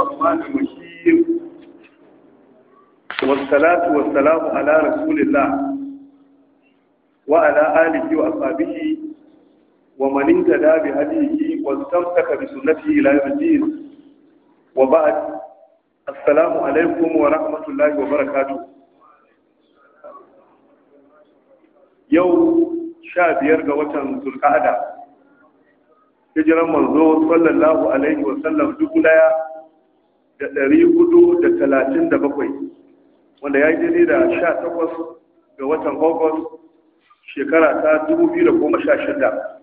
الرحمن الرحيم والصلاة والسلام على رسول الله وعلى آله وأصحابه ومن انتدى بهديه واستمسك بسنته إلى الدين وبعد السلام عليكم ورحمة الله وبركاته يوم sha biyar وطن watan zulka'ada hijiran manzo sallallahu alaihi wasallam dubu daya da ɗari hudu da talatin da bakwai wanda ya yi jini da sha takwas ga watan august shekara ta dubu biyu da goma sha shida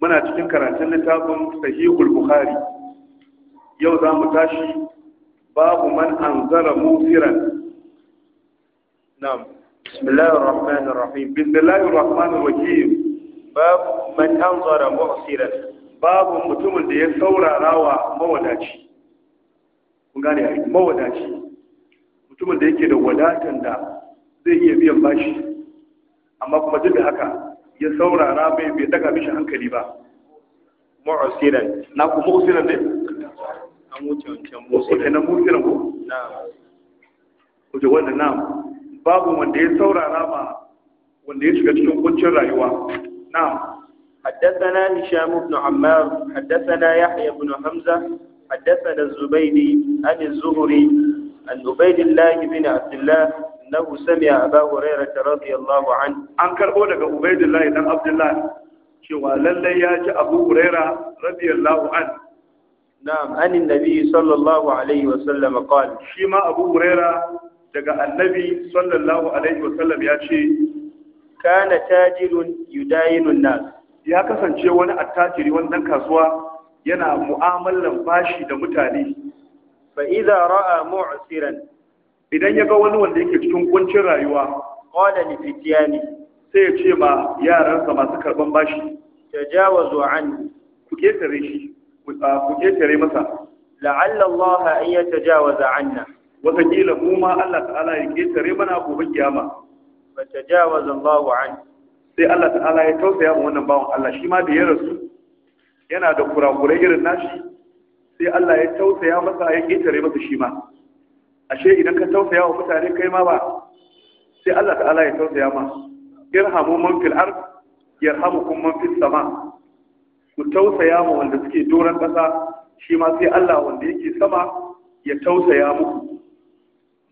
muna cikin karatun littafin sahihul bukhari yau za mu tashi babu man an zara siran na'am bismillahir rahmanir rahim bismillahir rahmanir rahim babu man an zara siran babu mutumin da ya saurara wa mawadaci kun gane ai mawadaci mutumin da yake da wadatan da zai iya biyan bashi amma kuma duk da haka ya saurara bai bai daga mishi hankali ba mu'asiran na ku mu'asiran ne an wuce wancan mu'asiran na mu'asiran ko na kuje wanda na babu wanda ya saurara ma wanda ya shiga cikin kuncin rayuwa na حدثنا هشام بن عمار حدثنا يحيى بن حمزه حدثنا الزبيدي عن الزهري عن عبيد الله بن عبد الله انه سمع ابا هريره رضي الله عنه ان كربو daga عبيد الله بن عبد الله cewa lalle ya ji abu huraira radiyallahu an na'am an annabi sallallahu alaihi wa sallam qala shi ma abu huraira daga annabi sallallahu alaihi wa sallam ya ce kana tajirun yudayinun nas ya kasance wani attajiri wannan kasuwa yana mu'amalan bashi da mutane fa idza ra'a mu'siran idan ya ga wani wanda yake cikin kuncin rayuwa qala li fitiyani sai ya ce ma yaransa masu karban bashi tajawazu an ku ketare shi ku ketare masa la'alla Allah an yatajawaza anna wataƙila mu ma Allah ta'ala ya ketare mana gobe kiyama fa tajawaza Allah an sai Allah ta'ala ya tausaya ma wannan bawon Allah shi ma da ya rasu yana da kurakurai irin nashi sai Allah ya tausaya masa ya ƙetare masa shi ma ashe idan ka tausaya wa mutane kai ma ba sai Allah ta'ala ya tausaya ma irhamu man fil ard yarhamukum man fis sama ku tausaya mu wanda suke doran ƙasa shi ma sai Allah wanda yake sama ya tausaya muku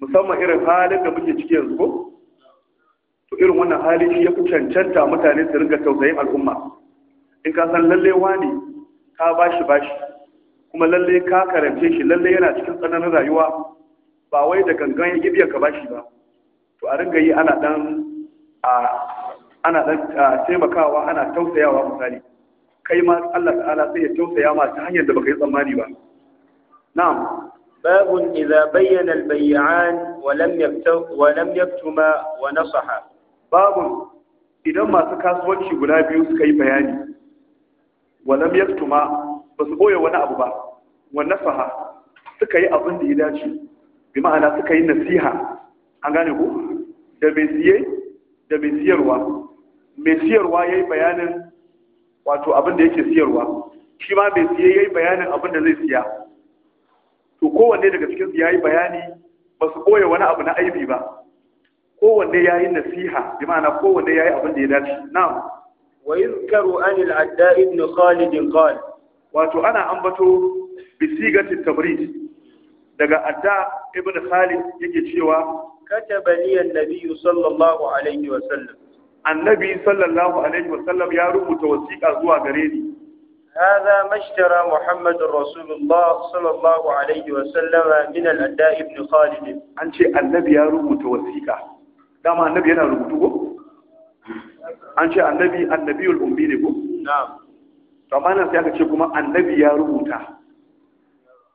musamman irin halin da muke ciki yanzu ko to irin wannan hali shi ya fi cancanta mutane su ringa tausayin al'umma in ka san lallai wani ka bashi bashi kuma lalle ka karance shi lalle yana cikin tsananin rayuwa ba wai da gangan ya gibiya ka bashi ba to a ringa yi ana dan ana dan taimakawa ana tausayawa misali kai ma Allah ta'ala sai ya tausaya ma ta hanyar da baka yi tsammani ba na'am باب إذا بين البيعان ولم يكتب ولم يكتم ونصح باب idan masu kasuwanci guda biyu suka yi bayani walam yaktuma ba su boye wani abu ba wa nasaha suka yi abin da ya dace bi ma'ana suka yi nasiha an gane ku da mai siye da mai siyarwa mai siyarwa yayi bayanin wato abin da yake siyarwa shi ma mai siye yayi bayanin abin da zai siya to kowanne daga cikin su yayi bayani ba su boye wani abu na aibi ba kowanne yayi nasiha bi ma'ana kowanne yayi abin da ya dace na'am wa yuzkaru an adda ibn Khalid qal wato ana ambato bisigati tamrid daga adda ibn Khalid yake cewa kataba li an-nabi sallallahu alaihi wa sallam annabi sallallahu alaihi wa sallam ya rubuta wasiƙa zuwa gare ni هذا ما اشترى محمد رسول الله صلى الله عليه وسلم من الأداء ابن خالد أنت النبي يا رب توثيقا النبي أنا رب an ce annabi Annabi ummi ne ko to amma sai aka ce kuma annabi ya rubuta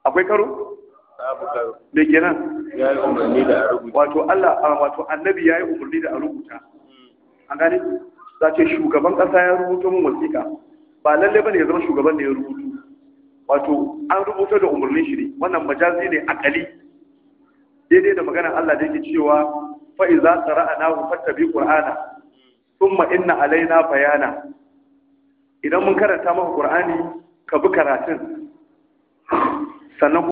akwai karo da karo me ya yi umarni da a rubuta wato Allah wato annabi ya yi umarni da a rubuta hmm. an gane za ce shugaban kasa ya rubuta mun wasiƙa ba lalle ba ne ya zama shugaban da ya rubutu wato an rubuta da umarnin shi ne wannan majazi ne akali daidai da maganar Allah da yake cewa fa iza qara'nahu bi qur'ana summa inna alaina bayana idan mun karanta maka qur'ani ka bi karatun